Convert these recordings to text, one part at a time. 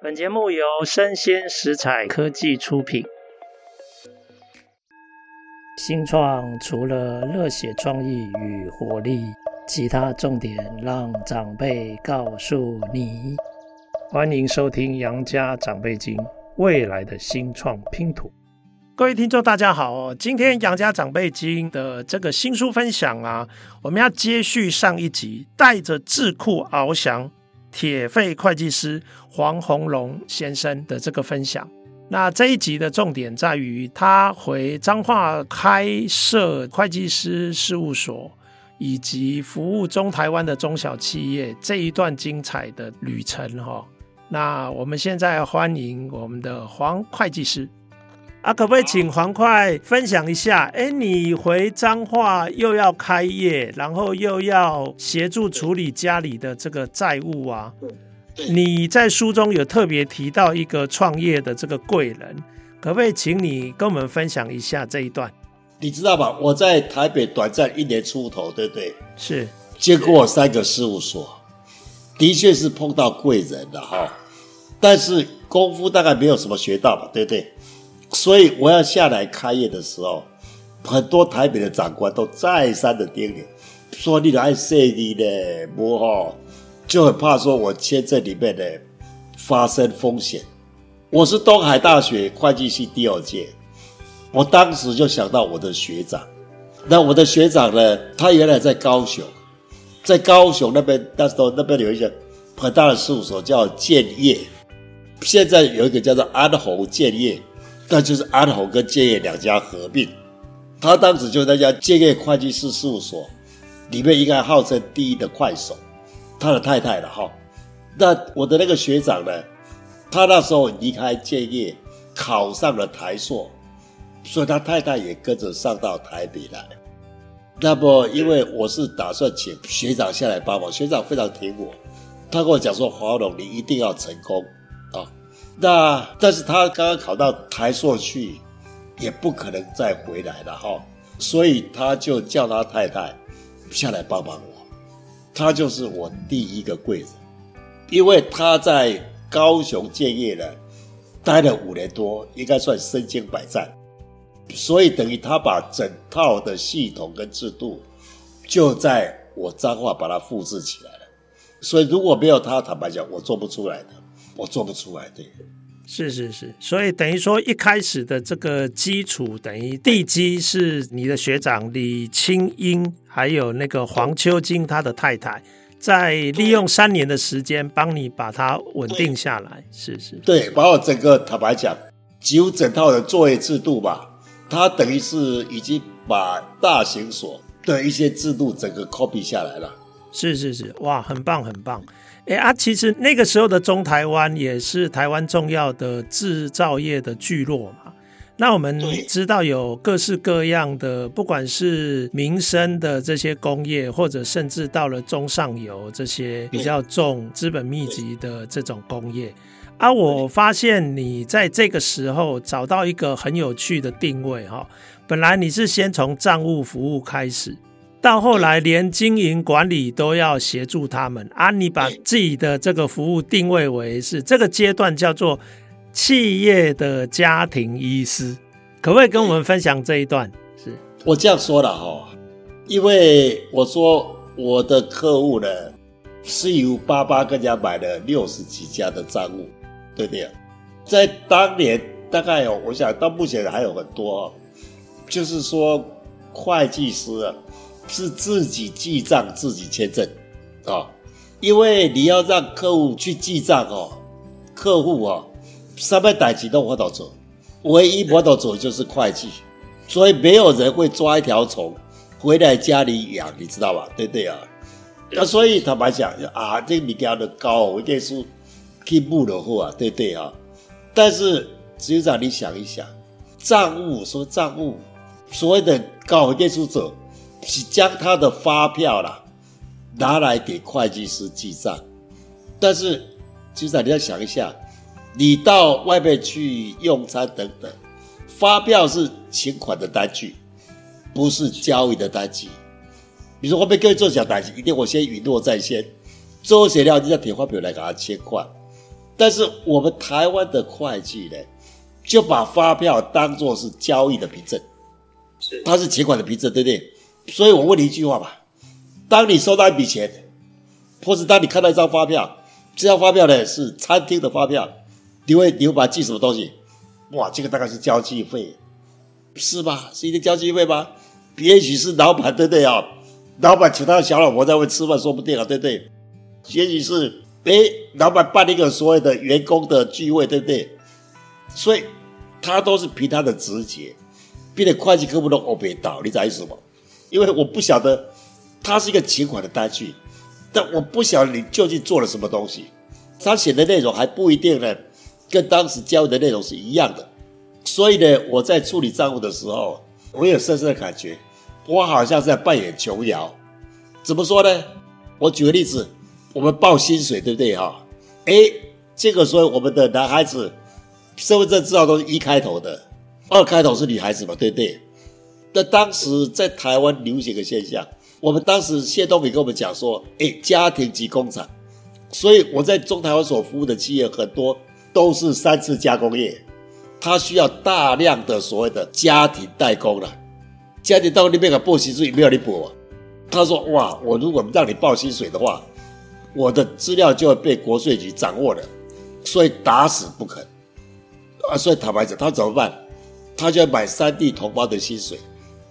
本節目由聲鮮時采科技出品。新創除了熱血創意與活力，其他重點讓長輩告訴你。歡迎收聽《楊家長輩經》未來的新創拼圖。各位聽眾大家好，今天《楊家長輩經》的這個新書分享啊，我們要接續上一集，帶着桎梏翱翔。鐵肺會計師黃鴻隆先生的這個分享，那這一集的重點在於他回彰化開設會計師事務所，以及服務中台灣的中小企業這一段精彩的旅程哈。那我們現在歡迎我們的黃會計師。啊，可不可以請黃會分享一下？哎、欸，你回彰化又要開業，然後又要協助處理家裡的這個債務啊。你在書中有特別提到一個創業的這個貴人，可不可以請你跟我們分享一下這一段？你知道吧？我在台北短暫一年出頭，對不對？是。接過三個事務所，的確是碰到貴人了哈。但是功夫大概沒有什麼學到吧，對不對？所以我要下來開業的時候，很多台北的長官都再三的叮嚀，說你來 city 的，不好就很怕說我簽證裡面呢發生風險。我是東海大學會計系第二屆，我當時就想到我的學長，那我的學長呢，他原來在高雄，在高雄那邊那時候那邊有一個很大的事務所叫建業，現在有一個叫做安侯建業。那就是安侯跟建業兩家合併，他當時就在家建業會計師事務所，裡面應該號稱第一的快手，他的太太了哈。那我的那個學長呢，他那時候離開建業，考上了台碩，所以他太太也跟着上到台北來。那麼因為我是打算請學長下來幫忙，學長非常挺我，他跟我講說鴻隆，你一定要成功。那，但是他剛剛考到台碩去，也不可能再回來了哈、哦，所以他就叫他太太下來幫幫我。他就是我第一個貴人，因為他在高雄建業呢待了五年多，應該算身經百戰，所以等於他把整套的系統跟制度，就在我彰化把它複製起來了。所以如果沒有他，坦白講，我做不出來的。我做不出來，對，是是是，所以等於說一開始的這個基礎等於地基是你的學長李清英，還有那個黃秋金他的太太，在利用三年的時間幫你把它穩定下來，是，是是，對，把我整個坦白講，幾乎整套的作業制度吧，他等於是已經把大型所的一些制度整個 copy 下來了，是是是，哇，很棒很棒。哎、欸、啊，其實那個時候的中台灣也是台灣重要的製造業的聚落嘛。那我們知道有各式各樣的，不管是民生的這些工業，或者甚至到了中上游這些比較重資本密集的這種工業。啊，我發現你在這個時候找到一個很有趣的定位哈、哦。本來你是先從賬務服務開始。到後來，連經營管理都要協助他們啊！你把自己的這個服務定位為是這個階段叫做企業的家庭醫師，可不可以跟我們分享這一段？是我這樣說了哈、喔，因為我說我的客戶呢是由爸爸跟人家買了六十幾家的賬務，對不對？在當年大概有，我想到目前還有很多、喔，就是說會計師啊。是自己記賬自己簽證，啊、哦，因為你要讓客戶去記賬哦，客戶哦，上面打幾都劃到走，唯一劃到走就是會計，所以沒有人會抓一條蟲回來家裡養，你知道吧？對不對啊，那、嗯啊、所以坦白講啊，這你價的高，一定是進步的貨啊，對不對啊，但是實際上你想一想，賬務說賬務，所謂的高係數走。是將他的發票啦拿來給會計師記賬，但是其實你要想一下，你到外面去用餐等等，發票是請款的單據，不是交易的單據。你說說後面各位做假單據，一定我先允諾在先，周雪料，你再貼發票來給他簽款，但是我們台灣的會計呢，就把發票當做是交易的憑證，他它是請款的憑證，對不對？所以我問你一句話吧：當你收到一筆錢，或是當你看到一張發票，這張發票呢是餐廳的發票，你會留把記什麼東西？哇，這個大概是交際費，是吧？是一個交際費嗎？也許是老板對不對啊？老板請他的小老婆在外面吃飯，說不定啊，對不對？也許是哎，老板辦一個所謂的員工的聚會，對不對？所以他都是憑他的直覺，別的會計科目都 OB 到，你在意什麼？因為我不曉得，它是一個請款的單據，但我不曉得你究竟做了什麼東西，他寫的內容還不一定呢，跟當時交易的內容是一樣的。所以呢，我在處理賬務的時候，我有深深的感覺，我好像是在扮演瓊瑤。怎麼說呢？我舉個例子，我們報薪水，對不對哈？誒，這個時候我們的男孩子身份證字號都是一開頭的，二開頭是女孩子嘛，對不對？那當時在台灣流行的現象，我們當時謝東閔跟我們講說，誒、欸，家庭即工廠，所以我在中台灣所服務的企業很多都是三次加工業，他需要大量的所謂的家庭代工了。家庭代工那邊的報薪水沒有你補，他說，哇，我如果讓你報薪水的話，我的資料就會被國稅局掌握了，所以打死不肯。啊，所以坦白講，他怎麼辦？他就要買三地同胞的薪水。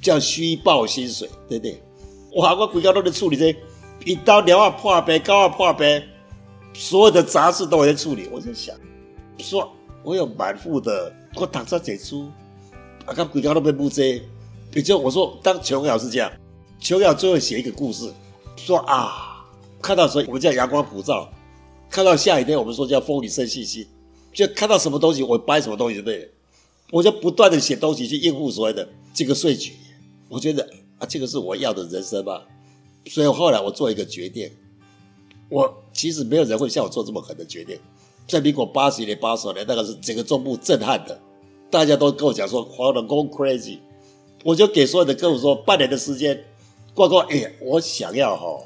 叫虛報薪水，對不對？我好我鬼家都在處理這個，一刀兩下破了，高下破了，所有的雜事都我在處理。我在想，說，我有滿腹的，我躺在床上寫書，啊，看規家那邊不接、這個，也就我說，當瓊瑤是這樣，瓊瑤最後寫一個故事，說啊，看到說我們叫陽光普照，看到下雨天我們說叫風雨聲細細，就看到什麼東西我掰什麼東西就對了，我就不斷地寫東西去應付所謂的這個稅局。我覺得啊，這個是我要的人生嘛，所以我後來我做一個決定，我其實沒有人會像我做這麼狠的決定，在民國八十年、八十年，那個是整個中部震撼的，大家都跟我講說，黃鴻隆 go crazy，我就給所有的客戶說，半年的時間，過過，哎、欸，我想要哈，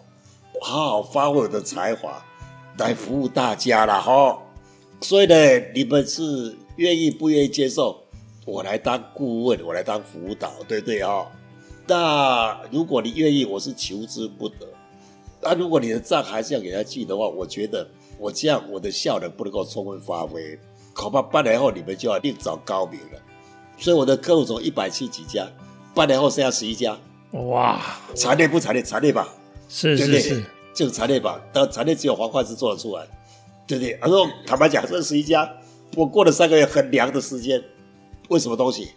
好好發揮我的才華，來服務大家啦哈，所以呢，你們是願意不願意接受我來當顧問，我來當輔導，對不對啊？那如果你願意，我是求之不得。那、啊、如果你的賬還是要給他記的話,我覺得我這樣我的效能不能夠充分發揮，恐怕半年後你們就要另找高明了。所以我的客戶從一百七十幾家，半年後剩下十一家。哇，慘烈不慘烈？慘烈吧，是對對對是是、是，就是慘烈吧。但慘烈只有華冠是做得出來，對不對、對？他說坦白講， 這十一家，我過了三個月很涼的時間，為什麼東西？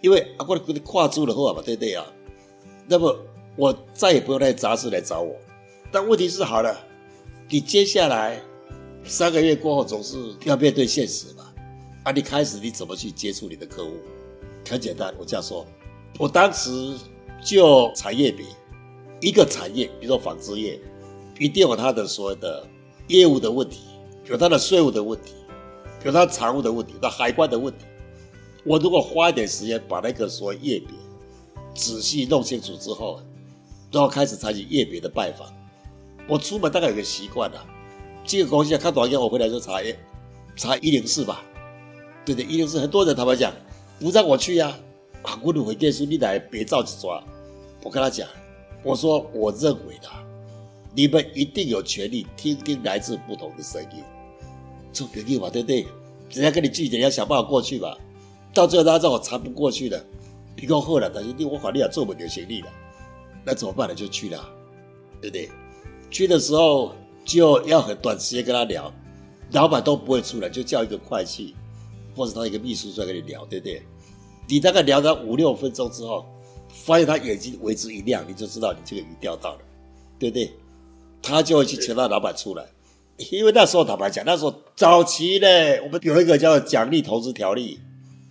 因為啊，過來給你跨足了後嘛，對不對，對啊？那麼我再也不用來雜事來找我。但問題是，好了，你接下來三個月過後，總是要面對現實吧？啊，你開始你怎麼去接觸你的客戶？很簡單，我這樣說。我當時就產業比一個產業，比如說紡織業，一定有他的所謂的業務的問題，有他的稅務的問題，有他財務的問題，他海關的問題。我如果花一點時間把那個所謂業比。仔細弄清楚之後，都要開始採取業別的拜訪。我出門大概有個習慣啊，這個公司看短信，我回來就查一查一零四吧。對對，一零四很多人他們講不讓我去呀、啊，韓國人回電說你來別着急抓。我跟他講，我說我認為的，你們一定有權利聽聽來自不同的聲音，做朋友嘛，對對對，人家跟你拒絕，你要想辦法過去吧。到最後他讓我查不過去的。比較厚了，他說：“你我好像做不了學歷了，那怎麼辦呢？”就去了，對不對？去的時候就要很短時間跟他聊，老板都不會出來，就叫一個會計或者他一個秘書出來跟你聊，對不對？你大概聊了五六分鐘之後，發現他眼睛為之一亮，你就知道你這個魚釣到了，對不對？他就會去請他老板出來，因為那時候坦白講，那時候早期呢，我們有一個叫獎勵投資條例，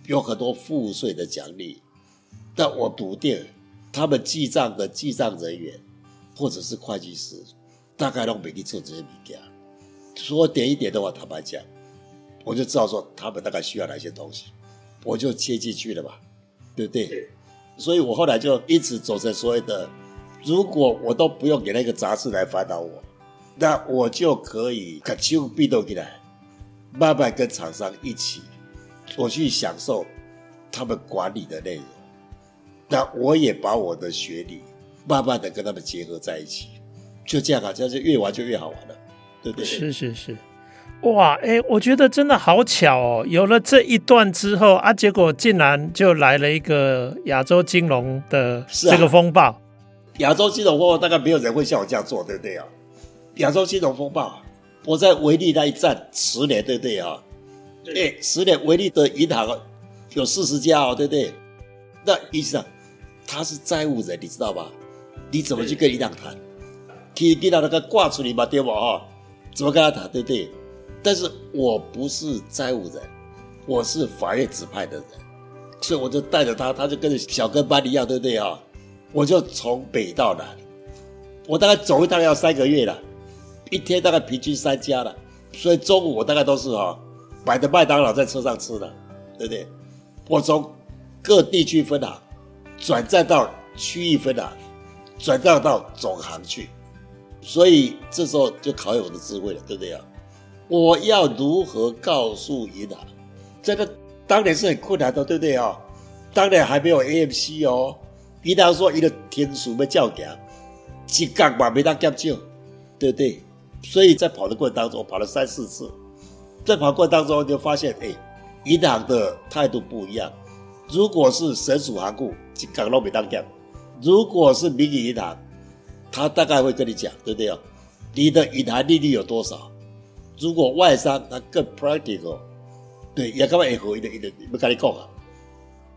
有很多賦稅的獎勵。但我篤定，他們記賬的記賬人員，或者是會計師，大概讓每天做這些筆記，說點一點的話，坦白講，我就知道說他們大概需要哪些東西，我就切進去了嘛，對不對？嗯、所以我後來就一直走成所謂的，如果我都不用給那個雜事來煩惱我，那我就可以把全部被動進來，慢慢跟廠商一起，我去享受他們管理的內容。那我也把我的學歷慢慢的跟他們結合在一起，就這樣、啊，好像是越玩就越好玩了、啊，對不對？是是是，哇，哎、欸，我覺得真的好巧哦，有了這一段之後啊，結果竟然就來了一個亞洲金融的這個風暴、啊，亞洲金融風暴大概沒有人會像我這樣做，對不對啊？亞洲金融風暴，我在維力那一站十年，對不對啊？欸、對，十年維力的銀行有四十家哦，對不對？那醫生。他是債務人，你知道吧？你怎麼去跟銀行談？可以跟他那個掛出來嘛，對不啊、哦？怎麼跟他談，對不對？但是我不是債務人，我是法院指派的人，所以我就帶着他，他就跟着小跟班一樣，對不對啊、哦？我就從北到南，我大概走一趟要三個月了，一天大概平均三家了，所以中午我大概都是啊、哦，買的麥當勞在車上吃的，對不對？我從各地區分行。轉戰到區域分行，轉戰到總行去，所以這時候就考驗我的智慧了，對不對啊？我要如何告訴銀行？這個當年是很困難的，對不對啊？當年還沒有 AMC 哦，銀行說一個天數沒叫停，幾槓萬沒當敢借，對不對？所以在跑的過程當中，我跑了三四次，在跑過程當中就發現，哎，銀行的態度不一樣。如果是省屬行庫，就講糯米當講如果是民營銀行，他大概會跟你講，對不對、哦、你的銀行利率有多少？如果外商，他更 practical，對，也幹嘛也和一個一個不跟你講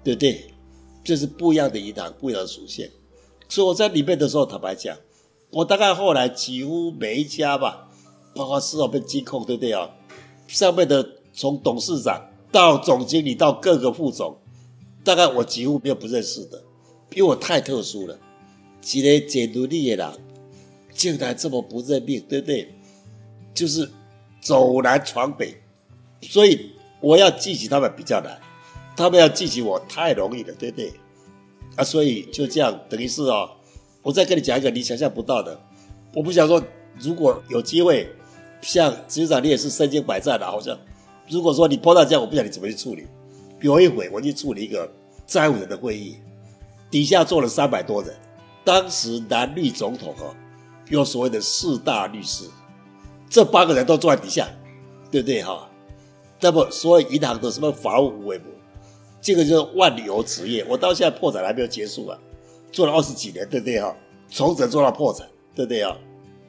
對不對？這、就是不一樣的銀行，不一樣的屬性。所以我在裡面的時候，坦白講，我大概後來幾乎每一家吧，包括市場門金控，對不對啊、哦？上面的從董事長到總經理到各個副總。大概我幾乎沒有不認識的，因為我太特殊了，一個簡奴力的人，竟然這麼不認命，對不對？就是走南闖北，所以我要記起他們比較難，他們要記起我太容易了，對不對？啊，所以就這樣，等於是啊、哦，我再跟你講一個你想象不到的，我不想說，如果有機會，像局長，你也是身經百戰的、啊，好像，如果說你碰到這樣，我不知道你怎麼去處理。有一回我去處理一個債務人的會議，底下坐了三百多人。當時南律總統哦，有所謂的四大律師，這八個人都坐在底下，對不對哈？那麼所有銀行的什麼法務為母、為位這個就是萬流職業。我到現在破產還沒有結束啊，做了二十幾年，對不對哈？重整做到破產，對不對哈？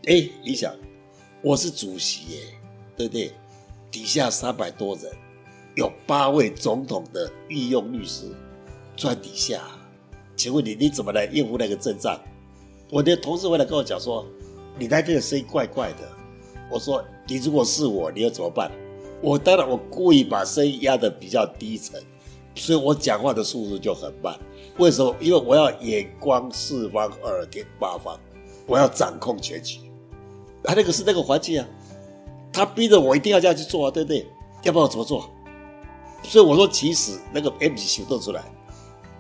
哎，你想，我是主席耶，對不對？底下三百多人。有八位總統的御用律師在底下，請問你你，怎麼來應付那個陣仗？我的同事回來跟我講說，你那邊的聲音怪怪的。我說，你如果是我，你又怎麼辦？我當然，我故意把聲音壓得比較低沉，所以我講話的速度就很慢。為什麼？因為我要眼觀四方，耳聽八方，我要掌控全局。他、啊、那個是那個環境啊，他逼着我一定要這樣去做啊，對不對？要不然我怎麼做？所以我說，其實那個 M g 行動出來，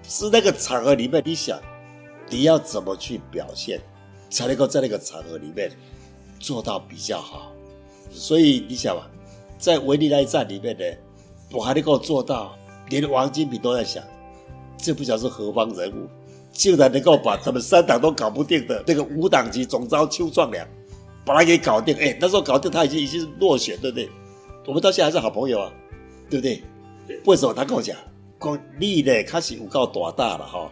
是那個場合裡面，你想，你要怎麼去表現，才能夠在那個場合裡面做到比較好？所以你想啊，在維力那一戰裡面呢，我還能夠做到，連王金平都在想，這不曉得是何方人物，竟然能夠把他們三黨都搞不定的那個無黨籍總召邱創良，把他給搞定。哎、欸，那時候搞定他已經已經是落選，對不對？我們到現在還是好朋友啊，對不對？為什麼他跟我講？講你呢，開始有夠多大，大了哈、哦，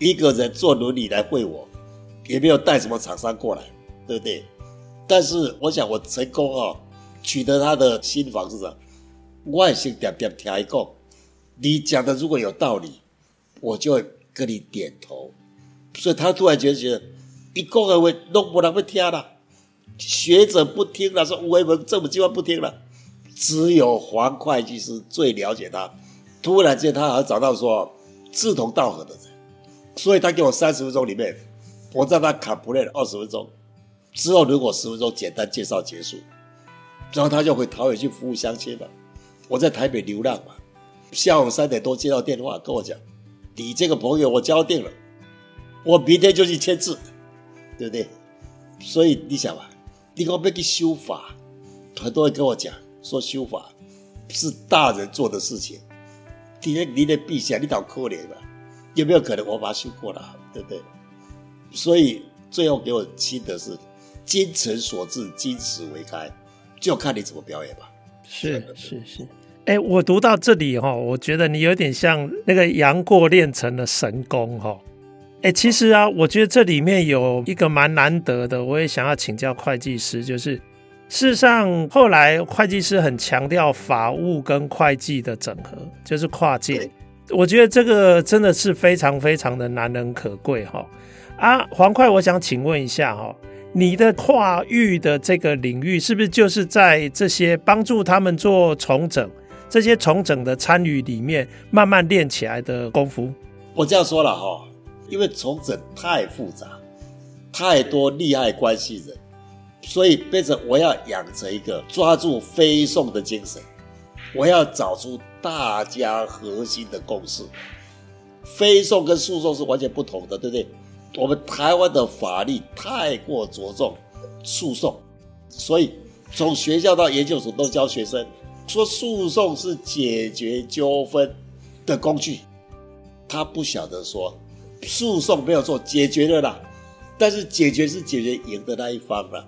一個人坐輪椅來會我，也沒有帶什麼廠商過來，對不對？但是我想我成功哈、哦，取得他的新房市場，我還是點別聽一個，你講的如果有道理，我就會跟你點頭。所以他突然覺得，一個人會弄不來不聽了，學者不聽了，說我們政府機關不聽了。只有黃會計師最了解他。突然間，他好像找到說志同道合的人，所以他給我三十分鐘裡面，我在那 complain 二十分鐘。之後如果十分鐘簡單介紹結束，然後他就回桃園去服務鄉親了。我在台北流浪嘛，下午三點多接到電話，跟我講：“你這個朋友我交定了，我明天就去簽字，對不對？”所以你想嘛，你給我沒去修法，很多人跟我講。說修法是大人做的事情，你的陛下，你倒可憐吧、啊？有沒有可能我把修過了？對不對？所以最後給我親的是“精誠所至，金石為開”，就看你怎麼表演吧。是是是，哎，我讀到這裡哈、哦，我覺得你有點像那個楊過練成了神功哈、哦。哎，其實啊，我覺得這裡面有一個蠻難得的，我也想要請教會計師，就是。事實上，後來會計師很強調法務跟會計的整合，就是跨界。我覺得這個真的是非常非常的難能可貴哈、哦。啊，黃會，我想請問一下哈、哦，你的跨域的這個領域是不是就是在這些幫助他們做重整，這些重整的參與裡面慢慢練起來的功夫？我這樣說了哈、哦，因為重整太複雜，太多利害關係人。所以，變成我要養成一個抓住非訟的精神。我要找出大家核心的共識。非訟跟訴訟是完全不同的，對不對？我們台灣的法律太過着重訴訟，所以從學校到研究所都教學生說訴訟是解決糾紛的工具。他不曉得說訴訟沒有錯，解決了啦。但是解決是解決贏的那一方了。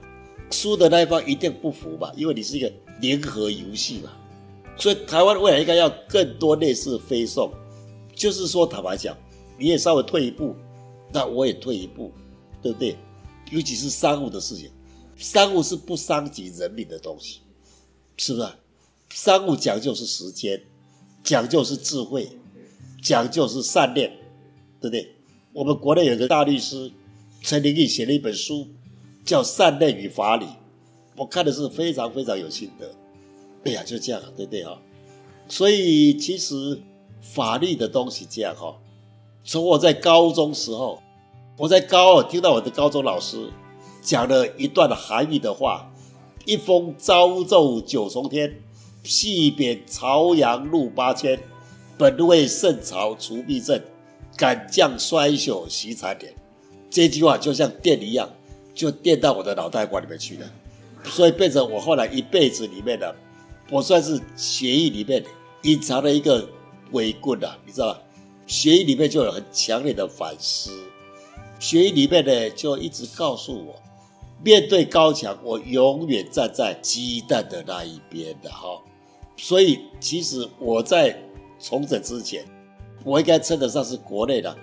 輸的那一方一定不服吧，因為你是一個零和遊戲嘛，所以台灣未來應該要更多類似非訟，就是說，坦白講，你也稍微退一步，那我也退一步，對不對？尤其是商務的事情，商務是不傷及人民的東西，是不是、啊？商務講究是時間，講究是智慧，講究是善念，對不對？我們國內有個大律師陳玲玉寫了一本書。叫善念與法理，我看的是非常非常有心得。哎呀，就這樣，對不對啊、哦？所以其實法律的東西這樣哈、哦，從我在高中時候，我在高二聽到我的高中老師講了一段韓愈的話：“一封朝奏九重天，夕貶潮陽路八千。本為聖朝除弊政，敢將衰朽惜殘年。”這句話就像電一樣。就墊到我的腦袋瓜裡面去了，所以變成我後來一輩子裡面呢，我算是協議裡面隱藏的一個微棍了、啊，你知道嗎？協議裡面就有很強烈的反思，協議裡面呢就一直告訴我，面對高牆，我永遠站在雞蛋的那一邊的哈、哦。所以其實我在重整之前，我應該稱得上是國內的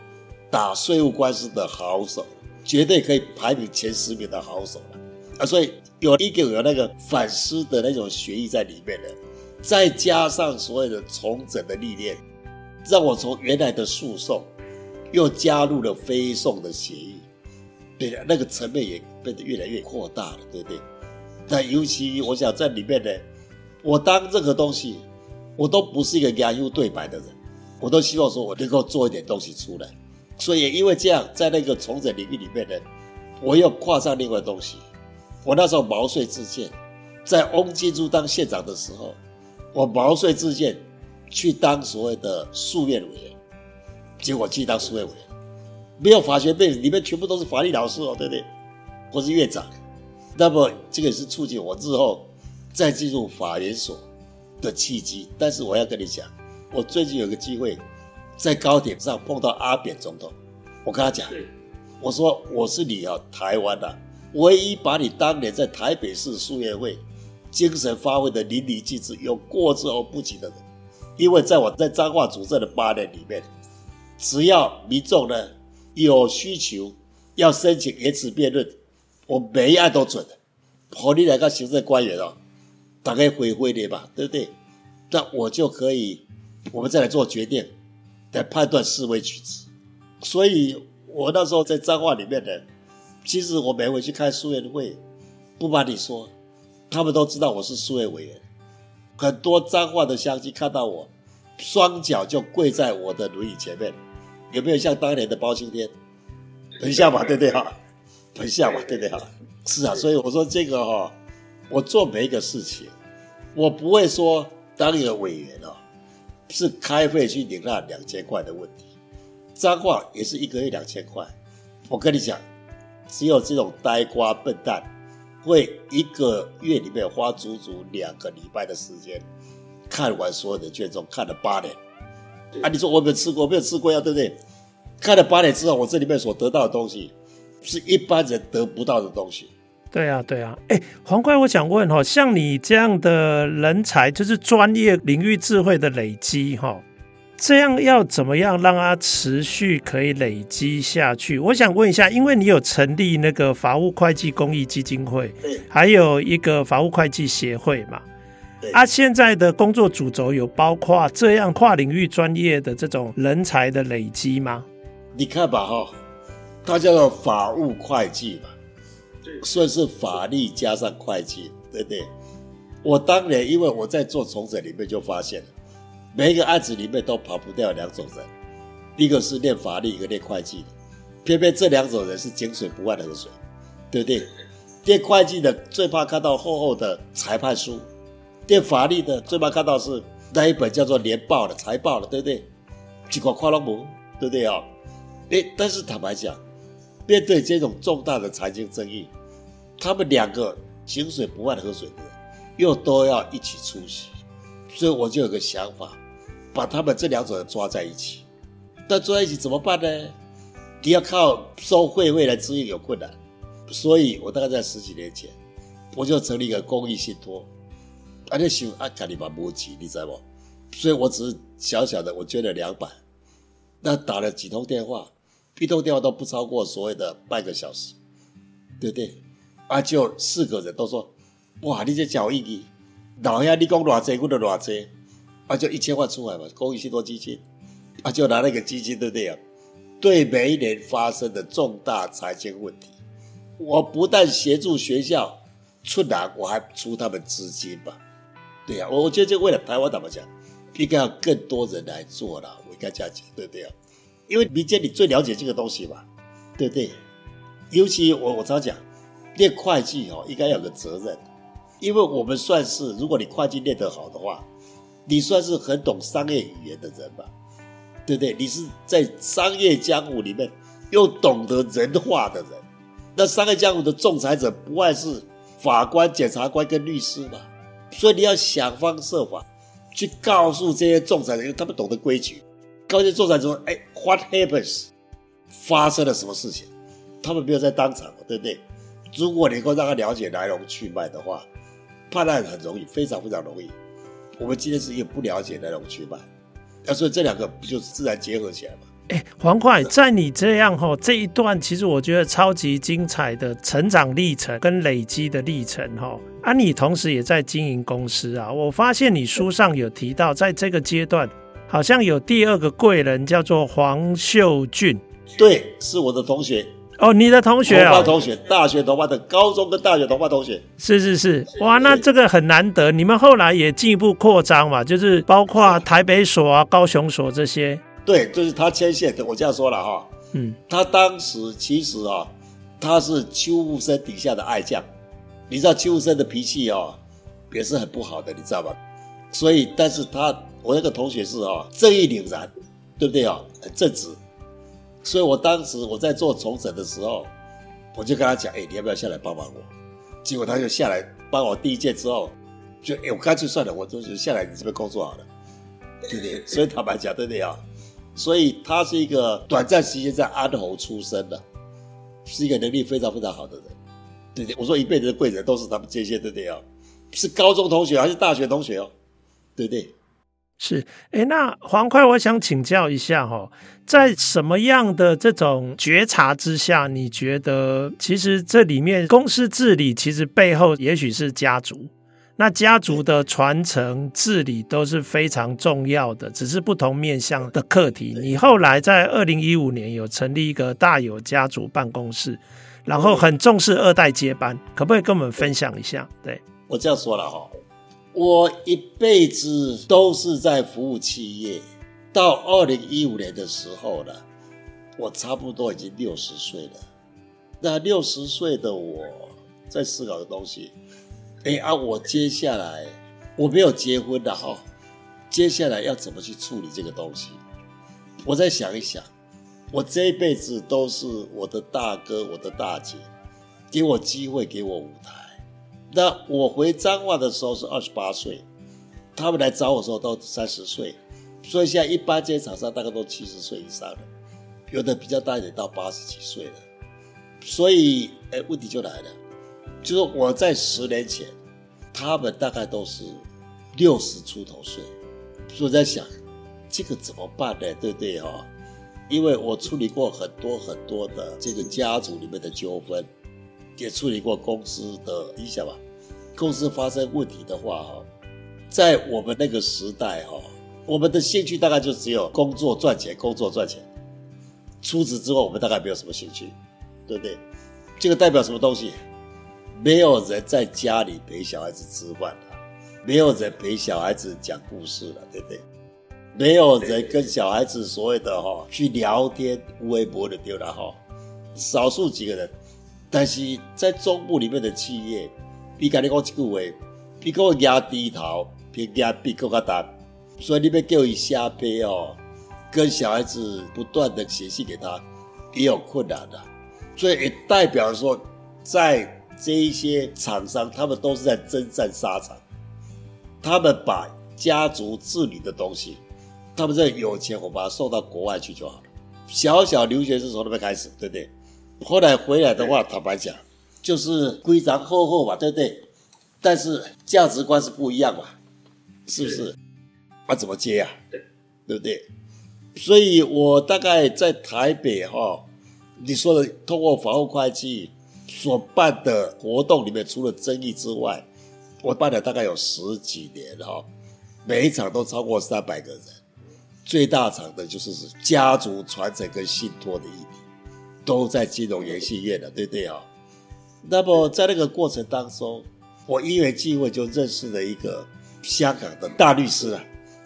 打稅務官司的好手。絕對可以排名前十名的好手了啊，啊！所以有一個有那個反思的那種學藝在裡面呢，再加上所謂的重整的歷練，讓我從原來的訴訟，又加入了非訟的協議，對，那個層面也變得越來越擴大了，對不對？但尤其我想在裡面呢，我當任何東西，我都不是一個甘於對白的人，我都希望說我能夠做一點東西出來。所以因為這樣，在那個重整領域裡面呢，我又跨上另外東西。我那時候毛遂自薦，在翁金珠當縣長的時候，我毛遂自薦去當所謂的訴願委員，結果去當訴願委員，沒有法學背景，裡面全部都是法律老師哦、喔，對不對？或是院長。那麼這個也是促進我日後再進入法研所的契機。但是我要跟你講，我最近有個機會。在高鐵上碰到阿扁總統，我跟他講，我說我是你、喔、啊，台灣啊，唯一把你當年在台北市訴願會精神發揮得淋漓盡致、有過之而不及的人。因為在我在彰化主政的八年裡面，只要民眾呢有需求要申請言詞辯論，我每一案都准的。和你來個行政官員哦、喔，大概回回的吧，對不對？那我就可以，我們再來做決定。在判斷是非曲直，所以我那時候在彰化裡面的，其實我每回去開訴願會，不瞞你說，他們都知道我是訴願委員。很多彰化的鄉親看到我，雙腳就跪在我的輪椅前面，有沒有像當年的包青天？很像吧，對不對哈、啊？很像吧，對不對哈？是啊，所以我說這個哈、哦，我做每一個事情，我不會說當一個委員啊、哦。是開會去領那兩千塊的問題，髒話也是一個月兩千塊。我跟你講，只有這種呆瓜笨蛋會一個月裡面花足足兩個禮拜的時間看完所有的卷宗，看了八年。啊，你說我有沒有吃過，我沒有吃過呀，對不對？看了八年之後，我這裡面所得到的東西，是一般人得不到的東西。對啊，對啊，哎，黃會，我想問哈，像你這樣的人才，就是專業領域智慧的累積哈，這樣要怎麼樣讓它持續可以累積下去？我想問一下，因為你有成立那個法務會計公益基金會，還有一個法務會計協會嘛，啊，現在的工作主軸有包括這樣跨領域專業的這種人才的累積嗎？你看吧哈，他叫做法務會計嘛。算是法律加上會計，對不對？我當年因為我在做重整，裡面就發現了，每一個案子裡面都跑不掉兩種人，一個是練法律，一個練會計的。偏偏這兩種人是井水不犯河水，對不對？練會計的最怕看到厚厚的裁判書，練法律的最怕看到是那一本叫做年報的財報的，對不對？幾個誇張不？對不對啊？哦？誒，但是坦白講，面對這種重大的財經爭議。他們兩個井水不犯河水的又都要一起出席，所以我就有個想法，把他們這兩種人抓在一起。但抓在一起怎麼辦呢？你要靠收會費，未來資金有困難。所以我大概在十幾年前，我就成立一個公益信托。阿那熊阿卡裡瑪摩吉，你知道不？所以我只是小小的，我捐了兩百。那打了幾通電話，一通電話都不超過所謂的半個小時，對不對？啊！就四個人都說：“哇，你這交易機，老爺你講偌濟，我得偌濟。”啊，就一千萬出來嘛，公益信託基金。啊，就拿那個基金，對不對啊？對每一年發生的重大財經問題，我不但協助學校出拿，我還出他們資金吧？對呀、啊，我我覺得就為了台灣怎麼講，應該要更多人來做了，我應該這樣講，對不對啊？因為民間你最了解這個東西嘛，對不對？尤其我我常講。練會計哦，應該有個責任，因為我們算是，如果你會計練得好的話，你算是很懂商業語言的人嘛，對不對？你是在商業江湖裡面又懂得人話的人，那商業江湖的仲裁者不外是法官、檢察官跟律師嘛，所以你要想方設法去告訴這些仲裁人，因為他們懂得規矩，告訴這些仲裁人說，哎，What happens？發生了什麼事情？他們沒有在當場嘛，對不對？如果你能夠讓他了解來龍去脈的話，判案很容易，非常非常容易。我們今天是一個不了解來龍去脈，但是這兩個不就是自然結合起來嘛，哎、欸，黃會，在你這樣哈這一段，其實我覺得超級精彩的成長歷程跟累積的歷程哈啊，你同時也在經營公司啊，我發現你書上有提到，在這個階段好像有第二個貴人叫做黃秀俊。對，是我的同學。哦，你的同學啊、哦，同，同學，大學同班的，高中跟大學同班同學，是是是，哇，那這個很難得。你們後來也進一步擴張嘛，就是包括台北所啊、高雄所這些。對，就是他牽線，我這樣說了哈、哦。嗯，他當時其實啊、哦，他是邱復生底下的愛將，你知道邱復生的脾氣啊、哦，也是很不好的，你知道嗎？所以，但是他我那個同學是啊、哦，正義凛然，對不對啊、哦？正直。所以我當時我在做重整的時候，我就跟他講，哎、欸，你要不要下來幫幫我？結果他就下來幫我第一件之後，就、欸、我乾脆算了，我就下來你這邊工作好了，對不對？所以坦白講，對不對啊、哦？所以他是一個短暫時間在安侯出生的，是一個能力非常非常好的人，對不對？我說一輩子的貴人都是他們這些，對不對啊、哦？是高中同學還是大學同學哦，對不對？是，誒那黃會，我想請教一下哈，在什麼樣的這種覺察之下，你覺得其實這裡面公司治理其實背後也許是家族，那家族的傳承治理都是非常重要的，只是不同面向的課題。你後來在二零一五年有成立一個大有家族辦公室，然後很重視二代接班，可不可以跟我們分享一下？對我這樣說了哈、哦。我一輩子都是在服務企業，到二零一五年的時候呢，我差不多已經六十歲了。那六十歲的我在思考的東西，哎、欸、啊，我接下來我沒有結婚的哈、哦，接下來要怎麼去處理這個東西？我再想一想，我這一輩子都是我的大哥、我的大姐給我機會、給我舞台。那我回彰化的時候是二十八歲，他們來找我的時候都三十歲，所以現在一般這些廠商大概都七十歲以上了，有的比較大一點到八十幾歲了，所以哎問題就來了，就是我在十年前，他們大概都是六十出頭歲，所以我在想這個怎麼辦呢？對不對哈、哦？因為我處理過很多很多的這個家族裡面的糾紛。也處理過公司的影響吧，公司發生問題的話，哈，在我們那個時代，哈，我們的興趣大概就只有工作賺錢，工作賺錢。除此之外，我們大概沒有什麼興趣，對不對？這個代表什麼東西？沒有人在家裡陪小孩子吃飯了，沒有人陪小孩子講故事了，對不對？沒有人跟小孩子所謂的哈去聊天、微博的，丟了哈，少數幾個人。但是在中部裡面的企業，比跟你講幾句話，比我壓低頭，評壓，比個較大，所以你要教育下輩哦，跟小孩子不斷的寫信給他，也有困難的、啊，所以也代表說，在這一些廠商，他們都是在征戰沙場，他們把家族治理的東西，他們在有錢我把它送到國外去就好了，小小留學生從那邊開始，對不對？後來回來的話，坦白講，就是規章厚厚嘛，對不對？但是價值觀是不一樣嘛，是不是？那、啊、怎麼接呀、啊？對，對不對？所以我大概在台北哈、哦，你說的通過法務會計所辦的活動裡面，除了爭議之外，我辦了大概有十幾年哈、哦，每一場都超過三百個人，最大場的就是是家族傳承跟信托的一年。都在金融研訓院了，對不對啊、哦？那麼在那個過程當中，我因緣際會就認識了一個香港的大律師啊。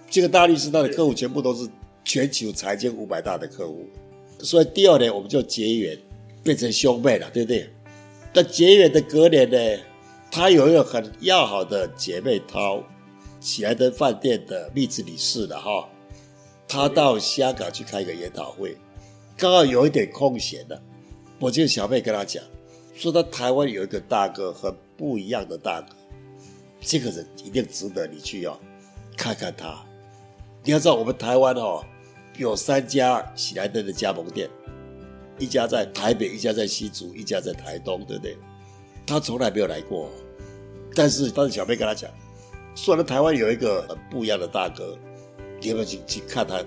這個大律師他的客戶全部都是全球財經五百大的客戶，所以第二年我們就結緣，變成兄妹了，對不對？那結緣的隔年呢，他有一個很要好的姐妹淘，喜來登飯店的秘籍理事了哈。他到香港去開一個研討會。剛好有一點空閒的，啊，我就小妹跟他講，說他台灣有一個大哥，很不一樣的大哥，這個人一定值得你去哦，看看他。你要知道我們台灣哦，有三家喜來登的加盟店，一家在台北，一家在新竹，一家在台東，對不對？他從來沒有來過，但是但是小妹跟他講，說他台灣有一個很不一樣的大哥，你要不要去去看他？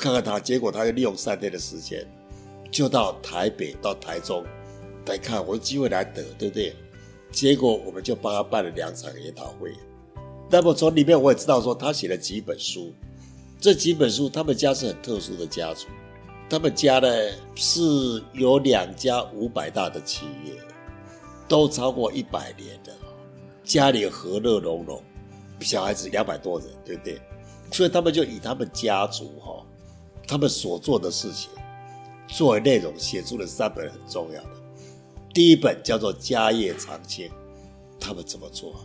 看看他，結果他又利用三天的時間，就到台北、到台中，來看我的機會難得，對不對？結果我們就幫他辦了兩場研討會。那麼從裡面我也知道說，說他寫了幾本書。這幾本書，他們家是很特殊的家族。他們家呢是有兩家五百大的企業，都超過一百年的，家裡有和樂融融，小孩子兩百多人，對不對？所以他們就以他們家族哈、哦。他們所做的事情，作為內容寫出了三本很重要的。第一本叫做《家業常青》，他們怎麼做？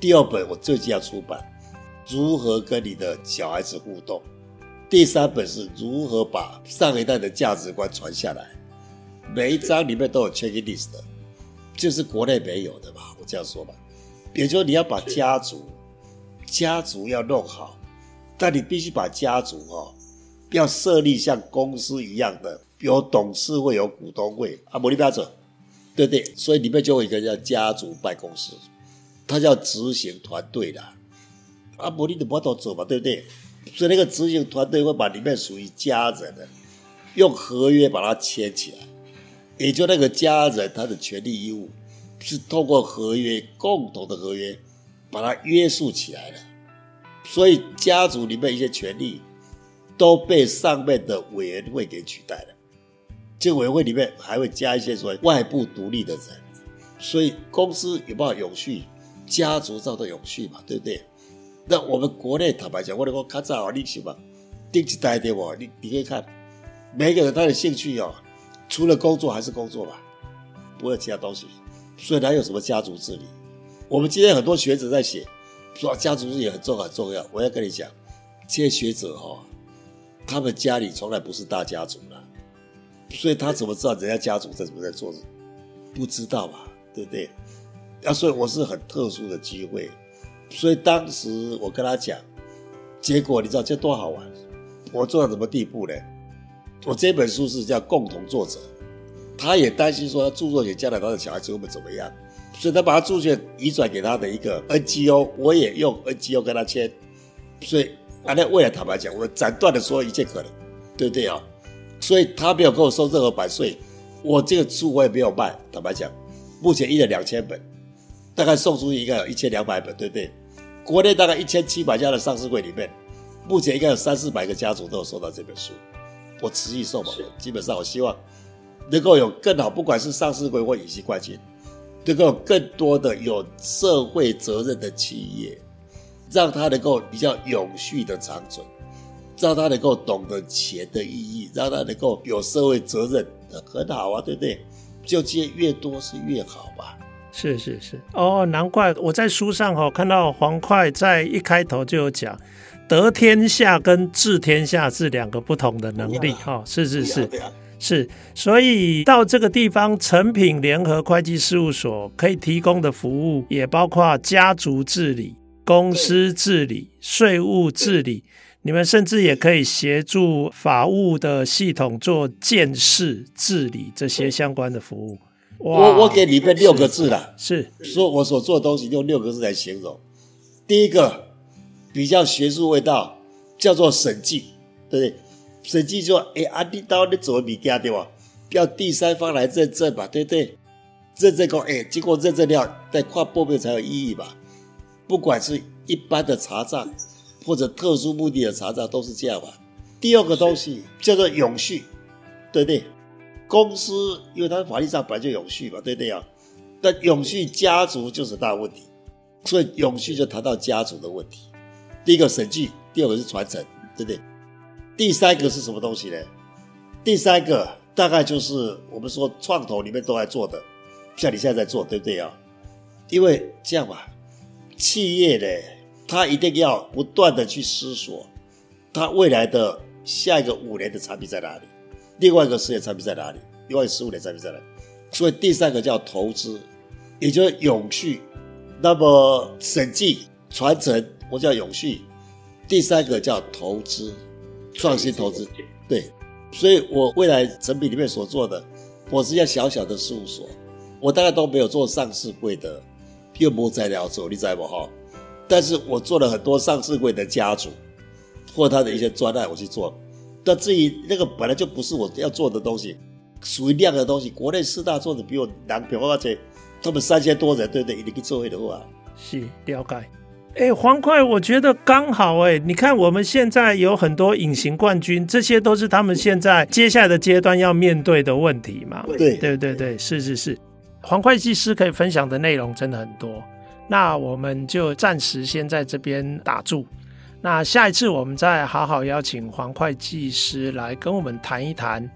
第二本我最近要出版，如何跟你的小孩子互動？第三本是如何把上一代的價值觀傳下來？每一章裡面都有 checklist 的，就是國內沒有的嘛，我這樣說吧，也就是說你要把家族、家族要弄好，但你必須把家族哦。要設立像公司一樣的，有董事會、有股東會，阿摩莉不要走，對不對？所以裡面就會有一個叫家族辦公室，它叫執行團隊的，阿摩莉的不要走嘛，對不對？所以那個執行團隊會把裡面屬於家人的用合約把它簽起來，也就那個家人他的權利義務是通過合約、共同的合約把它約束起來的。所以家族裡面一些權利。都被上面的委員會給取代了。這委員會裡面還會加一些所謂外部獨立的人，所以公司有沒有永續，家族做的永續嘛，對不對？那我們國內坦白講，我那個抗戰啊，歷史嘛，年紀大的我，你台台你可以看，每個人他的興趣哦，除了工作還是工作吧，不會其他東西，所以哪有什麼家族治理？我們今天很多學者在寫，說家族治理很重很重要。我要跟你講，這些學者哈、哦。他們家裡從來不是大家族啦，所以他怎麼知道人家家族在怎麼在做事？不知道啊，對不對？啊，所以我是很特殊的機會，所以當時我跟他講，結果你知道這多好玩？我做到什麼地步呢？我這本書是叫共同作者，他也擔心說著作權交到他的小孩子，我們怎麼樣，所以他把他著作權移轉給他的一個 NGO，我也用 NGO 跟他簽，所以。啊，那為了坦白講，我斬斷了所有一切可能，對不對啊、哦？所以他沒有跟我收任何版稅，我這個書我也沒有賣。坦白講，目前印了兩千本，大概送出去應該有一千兩百本，對不對？國內大概一千七百家的上市櫃裡面，目前應該有三四百個家族都有收到這本書。我持續送嘛，基本上我希望能夠有更好，不管是上市櫃或隱形冠軍，能夠有更多的有社會責任的企業。讓他能夠比較永續的長存，讓他能夠懂得錢的意義，讓他能夠有社會責任，很好啊，對不對？就借越多是越好吧？是是是哦，難怪我在書上哈、哦、看到黃會，在一開頭就有講，得天下跟治天下是兩個不同的能力哈、啊哦，是是是、啊啊、是，所以到這個地方，誠品聯合會計事務所可以提供的服務也包括家族治理。公司治理、稅務治理，你們甚至也可以協助法務的系統做建事治理這些相關的服務。我我給你背六個字了，是說我所做的東西用六個字來形容。第一個比較學術味道，叫做審計，對不對？審計就說，哎、欸，阿、啊、弟，到你怎麼比家對吧？要第三方來認證吧，對不對？認證過，哎、欸，經過認證了，再跨部門才有意義吧？不管是一般的查賬，或者特殊目的的查賬，都是這樣吧。第二個東西叫做永續，對不對？公司因為它法律上本來就永續嘛，對不對啊？但永續家族就是大問題，所以永續就談到家族的問題。第一個審計，第二個是傳承，對不對？第三個是什麼東西呢？第三個大概就是我們說創投裡面都在做的，像你現在在做，對不對啊？因為這樣吧。企業呢，他一定要不斷的去思索，他未來的下一個五年的產品在哪裡？另外一個十年產品在哪裡？另外一個十五年產品在哪裡？所以第三個叫投資，也就是永續。那麼審計傳承，我叫永續。第三個叫投資，創新投資。對，所以我未來成品裡面所做的，我是要小小的事務所，我大概都沒有做上市櫃的。.又不在聊走，你知道不哈？但是我做了很多上市櫃的家族或他的一些專案。我去做。但至於那個本來就不是我要做的東西，屬於量的東西，國內四大做的比我難，比而且他們三千多人，對不對，對？一個社會的話，是了解。哎、欸，黃會，我覺得剛好哎、欸，你看我們現在有很多隱形冠軍，這些都是他們現在接下來的階段要面對的問題嘛？對對對對，對，是是是。黃會計師可以分享的內容真的很多，那我們就暫時先在這邊打住。那下一次我們再好好邀請黃會計師來跟我們談一談。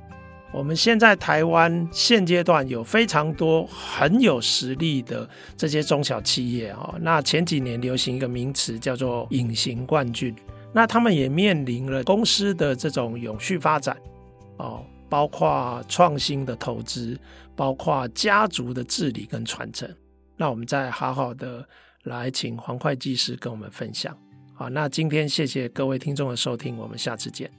我們現在台灣現階段有非常多很有實力的這些中小企業啊，那前幾年流行一個名詞叫做“隱形冠軍”，那他們也面臨了公司的這種永續發展哦，包括創新的投資。包括家族的治理跟傳承，那我們再好好的來請黃會計師跟我們分享。好，那今天謝謝各位聽眾的收聽，我們下次見。